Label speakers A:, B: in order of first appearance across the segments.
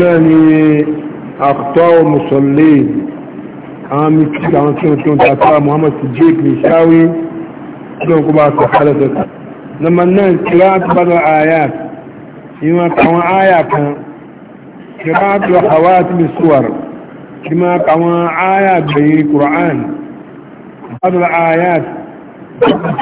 A: náà ni àkùtọ́ mùsọ̀lẹ́ àwọn mìkítà àwọn tí wọ́n tí wọ́n ta fáwọn Muhammad Siddiq ní ṣáwé ọdún kó bá sọ kálẹ̀ sọ́tà lọ́mọ náà kíra tó bá lọ àyà ìwọ̀n àwọn àyà kan kíra tó lọ àwá àti mi suwar kí máa àwọn àyà gbẹ̀yìn Qur'an bá lọ àyà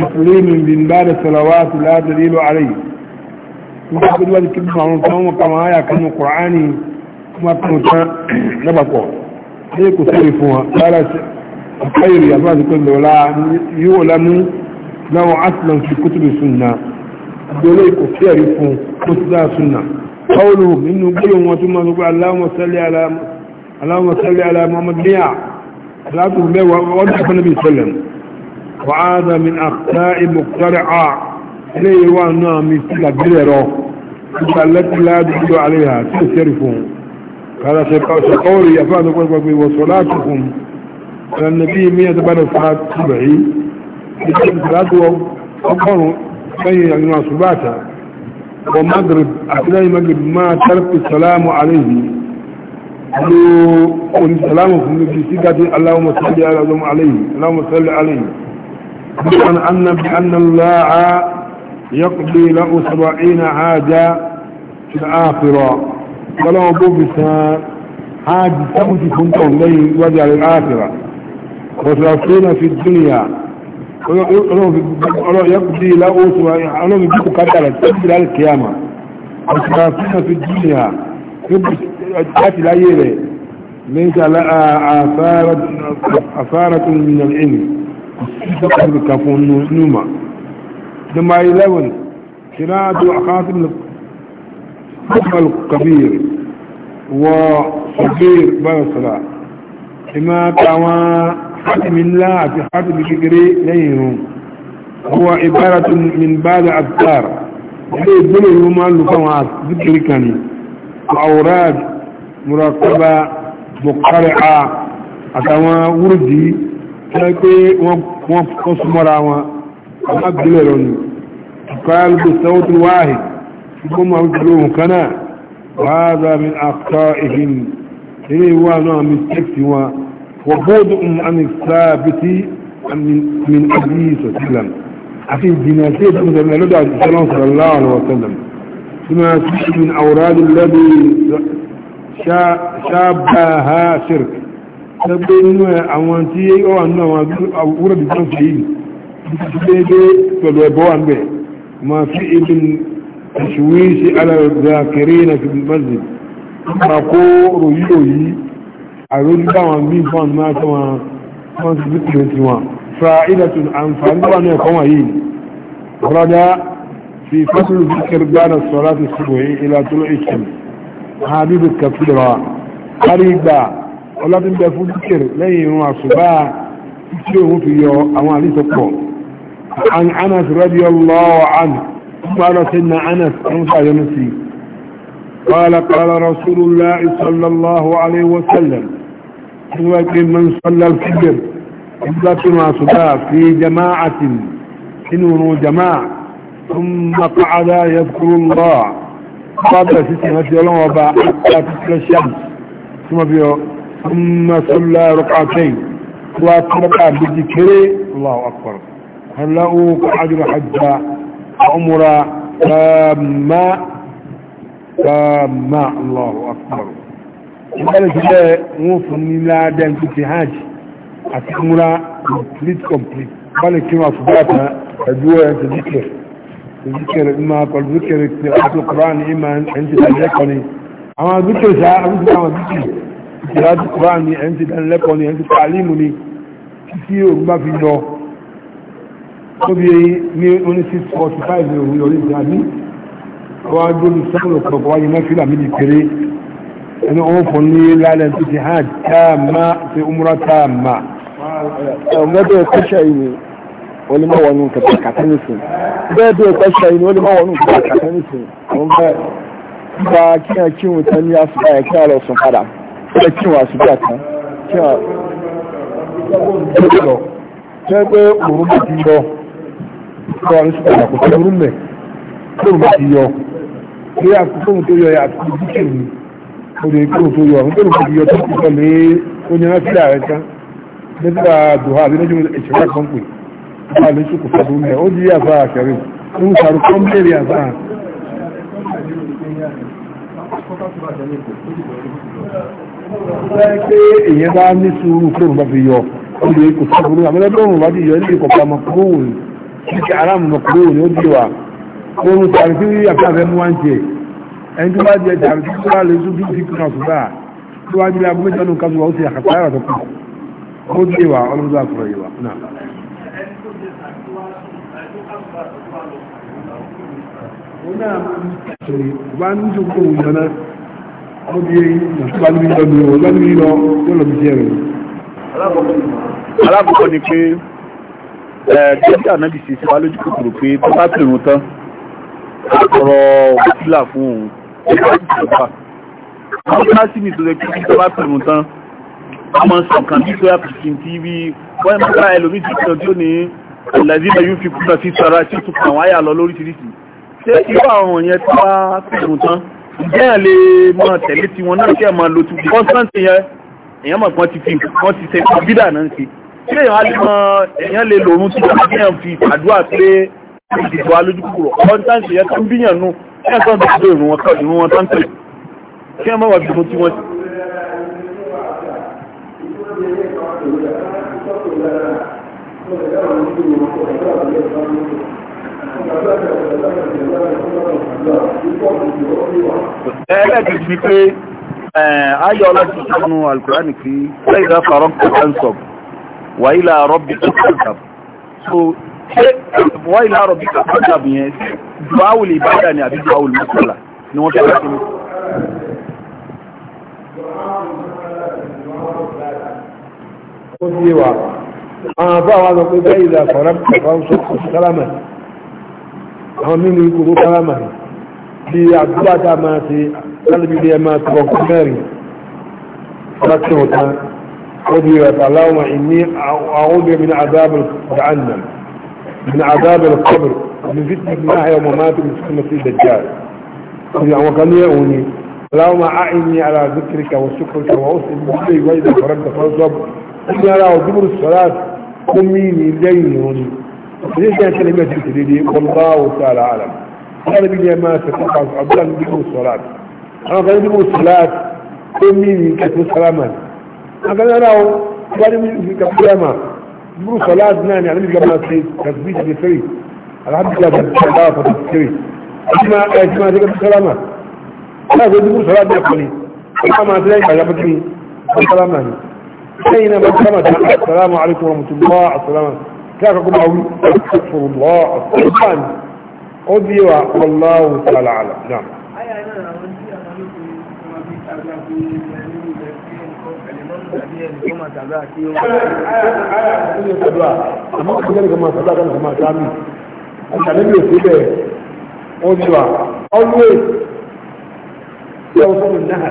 A: تسليم من بعد الصلوات لا دليل عليه محمد والد كبير معلوم تمام كما آية كانوا قرآني كما كانوا نبقوا ليكوا سيفوها قال الخير يا الله كل ولا يعلم لو أصلا في كتب السنة ليكوا سيفوا كتب السنة قولهم إنه قيهم وثم نقول اللهم صل على اللهم صل على محمد ليع صلاة الله وضع النبي صلى الله عليه وسلم وعاد من أخطاء مقترعة لي وانا مثل قدره فالتي لا يدخل عليها تسرفهم قال سيقاوش قولي يفعل قولي وصلاتكم قال النبي مية بنا صلاة صبعي يجب صلاة وقفروا بين يجمع صباتا ومغرب أكلاي مغرب ما ترك السلام عليه قالوا قولي سلامه في النبي سيقاتي اللهم صلي على عليه اللهم صلي عليه بأن أن الله يقضي له سبعين حاجة في الآخرة ولو بوبسا حاجة تمشي كنتم لي وجع للآخرة وثلاثون في الدنيا يقضي له سبعين حاجة يجيب قدرة تقضي لها الكيامة وثلاثون في الدنيا يبس أجهات يلي ليس لها أثارة, من العلم السيطة كفون نوما لما يلون قراءة خاتم الكبير وصغير بيصرى كما كما حاتم الله في حاتم الكبير ليهم هو عبارة من بعض الأذكار يقولوا يوم قالوا كما ذكر كان أوراد مراقبة مقرعة أتوا وردي كي وقف قصمرا وقف دلالوني قال بصوت واحد ثم أقولهم كنا وهذا من أخطائهم إليه وانا من سكتوا وبعدهم عن الثابت من من أبي صلى الله عليه وسلم أخي الجناسية مثلا لدى صلى الله عليه وسلم بما فيه من أوراد الذي شابها شرك تبين أوانتي أو أنه أورد الجنسيين بسبب فلو يبوان به ما فيه من تشويش على الذاكرين في المسجد أقول رجوعي أقول لهم مين فان ما كما فان سبقوا فائدة عن فائدة أن يقومين رجع في فصل ذكر بعد الصلاة الصبح إلى طلوع الشمس حبيب الكفيرة قريبا ولكن بفضل الذكر لن ينوع الصباح يشيره في يوم أمالي تقوم عن انس رضي الله عنه قال سيدنا انس نسي قال قال رسول الله صلى الله عليه وسلم من صلى الفجر قبلتنا صلاة في جماعة إنه جماعة ثم قعد يذكر الله قبل ستة مسجلون وباء حتى تسل الشمس ثم في ثم صلى ركعتين وقرأ بذكر الله أكبر هلأوا كعجر حجة عمر تاما تاما الله أكبر وقال جداء موصن إلا دين كتي حاج أتمرى complete complete قال كما صباتا أدوى أنت ذكر ذكر إما قال ذكر إتراء القرآن إما أنت تذكرني أما ذكر ساعة أبدا ما ذكر إتراء القرآن أنت تذكرني أنت تعليمني كثير ما في نور tó bí ní oní 645 ní òun yọrí ìdájí wọ́n á dóbi sẹ́kùn ọ̀pọ̀lọpọ̀ wáyé mẹ́fìlà mi ní kéré ẹni wọ́n fún ní lálẹ́ tó ti hàn táàmà sí umra táàmà ọ̀gbẹ́dẹ̀ kọ́ṣà yìí wọ́n lè má wọnú kẹta kàtà nìsín bẹ́ẹ̀ bí kọ́ṣà yìí wọ́n lè má wọnú kẹta kàtà nìsín wọ́n bẹ́ẹ̀
B: gba kí á kí wọn tán ní àsùbá yẹn kí á lọ sùn padà kí á kí wọn àsùbá tán
A: kí á ṣé pé òun ti lọ kọ́ ọ̀rẹ́ sọ̀rọ̀ kò sí orú mẹ́ kóòrò o ti yọ pé àkókò tó yọ àti dúkìá ni mo lè o tó yọ àwọn kóòrò tó yọ tó ti sọ lé oníyanà sílẹ̀ rẹ̀ tán nígbà dùhà àbí lọ́jọ́ ìṣẹ̀lá kan pè wà lóṣù kò sọ̀rọ̀ mẹ́ ó di àfa àṣẹrẹ́ ń sàrù kọ́ mẹ́rin àfa pé èèyàn bá ní sùúrù kóòrò bá fi yọ o lè kò sọ̀rọ̀ àmọ́lẹ́bọ̀rùn bá ti yọ ilé o mọ́ kóòrò títí aráàmù mọ̀kúrò ní ó dìwà oòrùn tàbí tí àfẹ́fẹ́ mú wọ́n jẹ ẹni tó bá jẹ tàbí tí ó lè tún bí i kìnnà ṣùgbà tó wá jílẹ̀ agbó mẹ́jọ nǹkan tó wà ó sì àkàtà ẹ̀rọ tó kù ó dìwà ọlọ́dún àkùrọ̀ ìwà náà bá ń tó kó òun yọ náà ó bí ìyàtúbá ní lọ́nà ìlọ́ yọ́lọ́bí jẹ́ rẹ̀
B: alákọ̀ọ́kọ́ ni pé ẹ̀ẹ́dẹ́gbẹ́ ànábì sí síwá lójú kòkòrò pé tó bá pè rún tán ọ̀rọ̀ òkúlà fún òun ẹ̀ka ìjọba wọ́n bá sí mi tó rẹ̀ kí tó bá pè rún tán ọmọ sọ̀kan bí tó yà fi kí n tí bí wọ́n yẹn mọ́ra ẹlòmí ti sọ tí ó ní ẹ̀lẹ́dí bẹ́yú fi kúnà sí sara tí ó tún kàn wáyà lọ lóríṣiríṣi ṣé irú àwọn yẹn tó bá pè rún tán ǹjẹ́ ẹ̀ lè mọ tẹ̀lé tiwọn náà kí ẹ̀ máa lo tu kọ́ńtántì yẹn èèyàn mọ̀ pọ́n tí èèyàn á lè mọ èèyàn lè lò oorun tí èèyàn fi àdúrà pé ìdìbò alójúkúrò ọ̀n tá ń ṣe yẹ tó ń bíyàn nù kí ẹ̀ sọ́n dìbò ìrùn wọn kọ́ ìrùn wọn tó ń tẹ̀lé kí ẹ̀ mọ̀ wà bímọ tí wọ́n ti. ẹlẹ́gbẹ̀ẹ́ ti pé ayọ̀ ọlọ́sìn sọ́nù alukùránì kí lẹ́yìn ìdáfà rọ́ǹkì tẹ́ńsọ̀bù wà ilà rọ́bì kàkàb so wà ilà rọ́bì kàkàb yẹn duawul ibada ni àbí duawul masala ni
A: wọ́n fẹ́ sí mi. ó ti wà àwọn àbá wa lọ pé bẹ́ẹ̀ ìlà fọ̀rọ̀ fọ̀rọ̀ sálámà àwọn mímu ikú bí àdúrà máa ṣe lálẹ́ bí ẹ máa tọkọ mẹ́rin láti ọ̀tá قدرت اللهم إني أعوذ من عذاب جهنم من عذاب القبر من فتنة الله يوم مات من فتنة الدجال وكان اوني اللهم أعني على ذكرك وشكرك وأسلم بكي وإذا فرقت فانصب إني على دبر الصلاة قميني ليني ليش كانت كلمة تريدي والله تعالى أعلم قال يا ما تتقع عبد الله دبر الصلاة أنا قال دبر الصلاة قميني كتب سلامان أقول له قال من كبيرة نور صلاة نان يعني مش قبل في تثبيت الفريق الحمد لله بالصلاة والتذكير أجمع أجمع ذلك السلامة لا تقول نور صلاة نقلي أما ذلك يا بكري السلامة أين السلام عليكم ورحمة الله السلام كيف أقول أولي أستغفر الله والله تعالى أعلم نعم
B: kí wọ́n máa ṣàdúrà kí wọ́n máa ṣàdúrà àmọ́ kí wọ́n máa ṣàdúrà kí wọ́n máa ṣàmì
A: àṣàlẹ́bí òsè bẹ́ẹ̀ wọ́n ti wà always ṣé o sọ́nù náà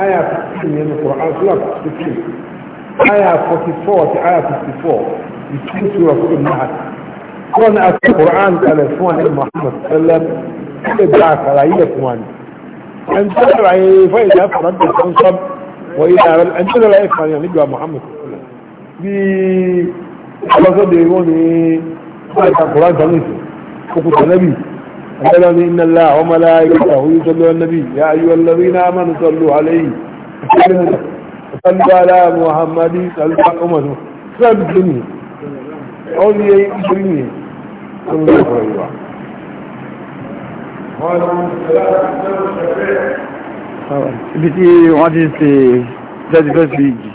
A: àyà fifteen nínú kọ̀ àṣùlà fifteen àyà forty four àti àyà fifty four ìtú sùrọ̀ fún ìlú náà kọ́ ni àti Qur'an kalẹ̀ fún wa ní Muhammad sallam kí lè bá àkàrà yíyẹ fún wa ni. ẹn tó kàrà yẹ fún ìjà fún ọdún tó ń sọ́bù وإذا أنت لا يفعل يعني نجوى محمد bí ọlọ́sọ́dẹ̀ wọ́n ní ọ̀pá kùrán tanúsù òkúta nábì ẹgbẹ́lá ní iná láà ọmọ aláìkọta orí sọ́lọ́ nábì ya ayú ọlọ́rí náà mọ́nù sọ́lọ́ aláyì sọ́lọ́lá muhammadi sọ́lọ́lá ọmọdún sọ́lọ́dún ní ọrí ìṣirí ní ọlọ́rọ̀ ìwà Wọ́n lọ sí ọjọ́ ìṣẹ́lẹ̀
B: ibi tí wọ́n ti ṣe tẹ́tìfẹ́sù igi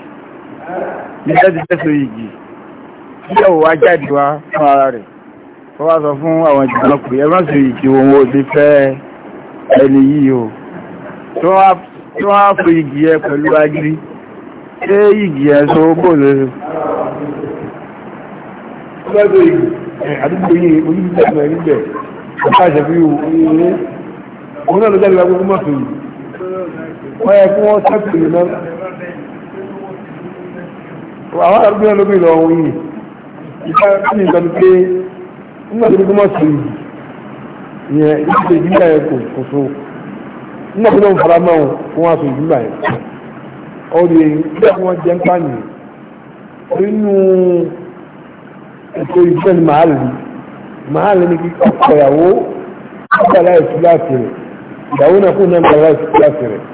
B: ní tẹ́tìfẹ́sù igi tí ẹ̀wọ̀ wá jáde wá fún ara rẹ̀ wọ́n wá sọ fún àwọn ìjọba pé ẹ̀rọ sí igi ohun òde fẹ́ ẹni yìí o tí wọ́n fún igi ẹ pẹ̀lú agiri ṣé
A: igi ẹ so bóòlù àdúgbò yìí oníbìtẹ̀ ẹ̀rí bẹ̀ ọ̀pá ìṣẹ̀fí òun náà ló jáde wá gbogbo mọ́tò yìí wọ́n yẹ kí wọ́n sẹ́kù lè náà àwọn àrùgbé olómi lọ wọ́n yìí ìgbà kí ni ìgbàlú pé nígbà tó dúdú mọ̀ sí yẹ ìgbà ìjìnlẹ̀ yẹ kò kò so nígbà tó lọ́n fara mọ́ kó wọ́n aṣọ ìjìnlẹ̀ yẹ ọ lè gbé àwọn jẹ́ ń pààyàn nínú ètò ìjìnlẹ̀ ni màá lè ní kíkọ́ ọ̀pọ̀ ìyàwó ọ̀pọ̀ aláìsí láti rẹ̀ ìyàwó náà kò náà ń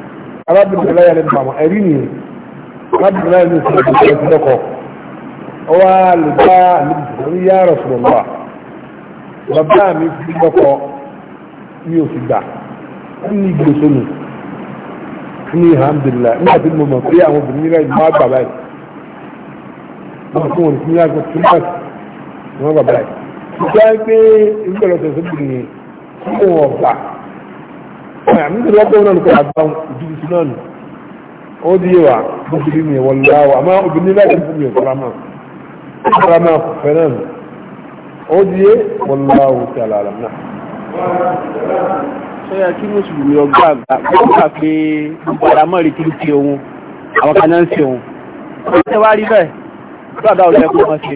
A: arábìnrin láyà lẹ́nu àwọn ẹ̀rí ni arábìnrin láyà lẹ́nu sọ̀rọ̀ ìgbà tí lọ́kọ̀ ọwọ́ lè bá àlejò ní yàrá sọ̀rọ̀ lọ́wọ́ bàbá mi fi lọ́kọ̀ mi ò sì gbà ó ní ìgbésó nù ní alhamdulillah nígbà tí mo mọ̀ pé àwọn obìnrin nílẹ̀ ìgbà gbà báyìí wọ́n fún wọn ní yàgò tó bá wọn gbà báyìí. ìgbà pé ìgbà lọ́sọ̀ọ́sọ̀ bìnrin tí wọ́n gbà àmì ìdílé ọgbọ́n náà nìkan àgbà ìdílé sí náà nù ó di yé wa bó ti rí nìyẹn wọlé láwọ àmọ́ obìnrin láti fún mi ọ̀kọ́ra máa ọ̀kọ́ra máa fẹ́ o nù ó di yé wọlé láwọ ti àlàlà náà.
B: sọ́yà kí mùsùlùmí ọgbà àgbà gbọ́dọ̀ pé gbogbo ara mọ́ rí kiri ti òun àwọn kan náà ń ṣe òun. ó ti wá rí bẹ́ẹ̀ gbọ́dọ̀ ọ̀rẹ́ kó wọ́n ṣe.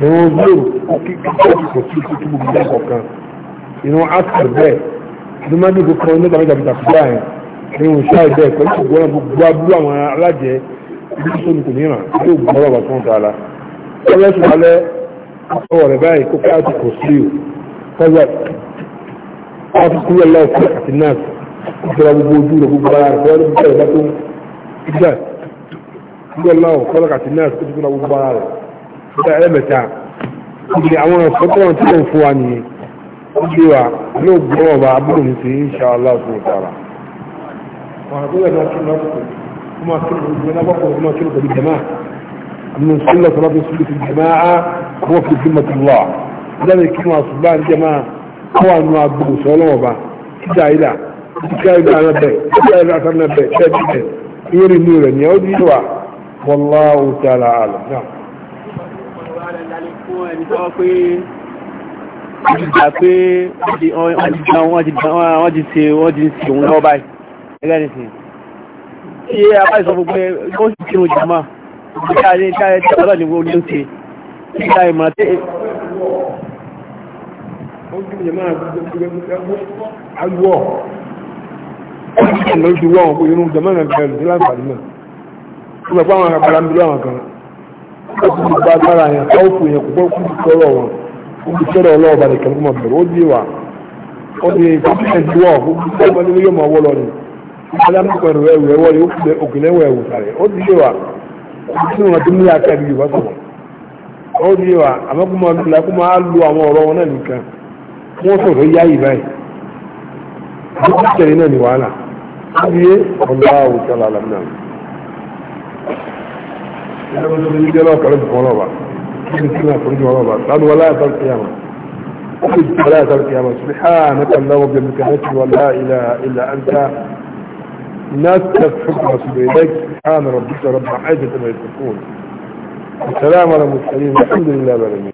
A: ìrún zoro kíkọ́ọ̀kì kò sí kí gbogbo ìgbà kọ̀ọ̀kan ìrún asper bẹ́ẹ̀ ìrún mádé kọ̀ọ̀kan nígbà mẹ́ta mẹ́ta kúrò àyẹn ìrún ṣáì bẹ́ẹ̀ pẹ̀lú ìgbọ́nà gbogbo abúlé àwọn alájẹ ibi tó ní kò la ọlọ́sùn alẹ́ ọwọ́ rẹ̀ báyìí kó káàtì kò sí o kọ́lẹ̀ ọkùnrin lọ́ọ̀kọ́ àti náà ìjọba gbogbo ojú rẹ̀ gbogbo ara rẹ̀ bọ́ọ̀lù bí bẹ́ẹ̀ bá tó ń gbà ìjọba lọ́ọ̀kọ́ àti náà ìjọba gbogbo ara ẹlẹ́mẹ̀ta ibi àwọn ọ̀sọ́tọ̀ tí ó ń fún wa nìyẹn ó gbé wa yóò gbọ́ ọba abúrò ní sí ìṣàlá fún ìtara wọn àgbẹ̀rẹ̀ náà kí lọ́kùnkùn ó máa kí lọ́kùnkùn ó máa kí lọ́kùnkùn jẹ̀máà من سنة رب سنة الجماعة هو في ذمة الله لم يكن أصباء الجماعة هو أن يعبدوا سولوا با إذا إلا كايب على بي كايب على بي كايب على بي يري نورا يودي دعا والله تعالى عالم نعم
B: tàbí fún ẹni tọ́wọ́ pé wọ́n ti gbà pé wọ́n ti ṣe wọ́n ti ṣe òun lọ́wọ́ báyìí ẹgbẹ́ nìsín iye abáyìí sọ fún ó sì kírun jàmá ìgbà ní káyẹ tí ọlọ́ ni wọ́n ló ṣe ìgbà ìmọ̀ tí
A: Agbọ́ ọ̀nà ìdúwọ́ ọ̀pọ̀ ìrún jẹ́mọ́ ìrìn àgbẹ̀rẹ̀ sí láǹfààní náà. Ó gbẹ̀pọ̀ àwọn àgbàlá ń bí láwọn kan láti fi gba agbára yẹn káwọ́pù yẹn kò gbọ́ kú ti sọ̀rọ̀ wọn kó ti sọ̀rọ̀ ọlọ́wọ́ balẹ̀ kẹ́lẹ́ kó máa bẹ̀rẹ̀ ó di wa ó di kọ́mpẹ́ntì wọ̀ kó ti sọ̀rọ̀ ní yóò máa wọ́ lọ ni ìpàdé àmọ́kọ̀ ẹ̀rọ ẹ̀wù ẹ̀wọ́ yóò fi òkèlè ẹ̀wù ẹ̀wù sàrẹ̀ ó di wa kó ti sọ̀rọ̀ tó ní aka ẹ̀bí yorùbá sọ̀rọ̀ ó di wa àmọ́ kó máa lula kó máa lu àwọn ọ̀rọ̀ wọn náà nìkan kó wọ́n sọ̀rọ̀ yá yìí báyìí ó ti سبحانك الله وبيبك حسن ولا إله إلا أنت نتف حكم سبيلك سبحان ربك رب عزة ما يتكون السلام على المسلمين الحمد لله بالأمين